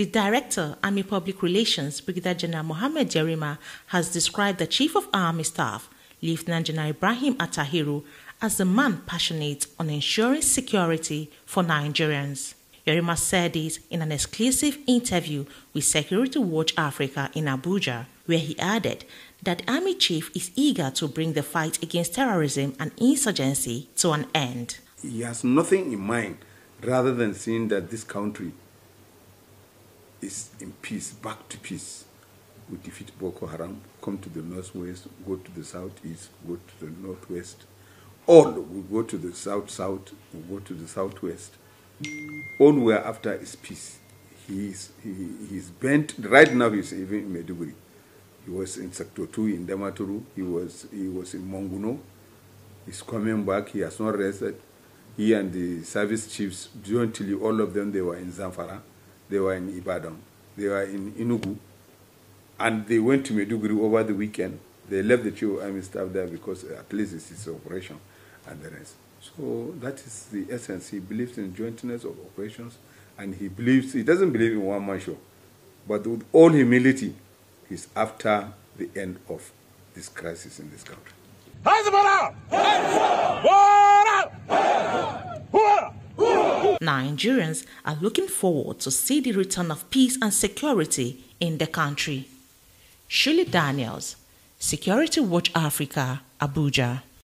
The Director, Army Public Relations, Brigadier General Mohammed Jerima, has described the Chief of Army Staff, Lieutenant General Ibrahim Atahiru, as a man passionate on ensuring security for Nigerians. Yerima said this in an exclusive interview with Security Watch Africa in Abuja, where he added that Army Chief is eager to bring the fight against terrorism and insurgency to an end. He has nothing in mind rather than seeing that this country is in peace, back to peace. We defeat Boko Haram, come to the northwest, go to the southeast, go to the northwest. All will go to the south south, will go to the southwest. All we are after is peace. he, he's bent right now he's even in Meduguri. He was in Two in Damaturu, he was he was in Monguno. He's coming back, he has not rested. He and the service chiefs, jointly all of them they were in Zamfara they were in Ibadan, they were in Inugu, and they went to Meduguri over the weekend. They left the two army staff there because at least it's its operation and the rest. So that is the essence. He believes in jointness of operations, and he believes he doesn't believe in one man show, but with all humility, he's after the end of this crisis in this country. Hezbollah! Nigerians are looking forward to see the return of peace and security in the country. Shirley Daniels, Security Watch Africa, Abuja.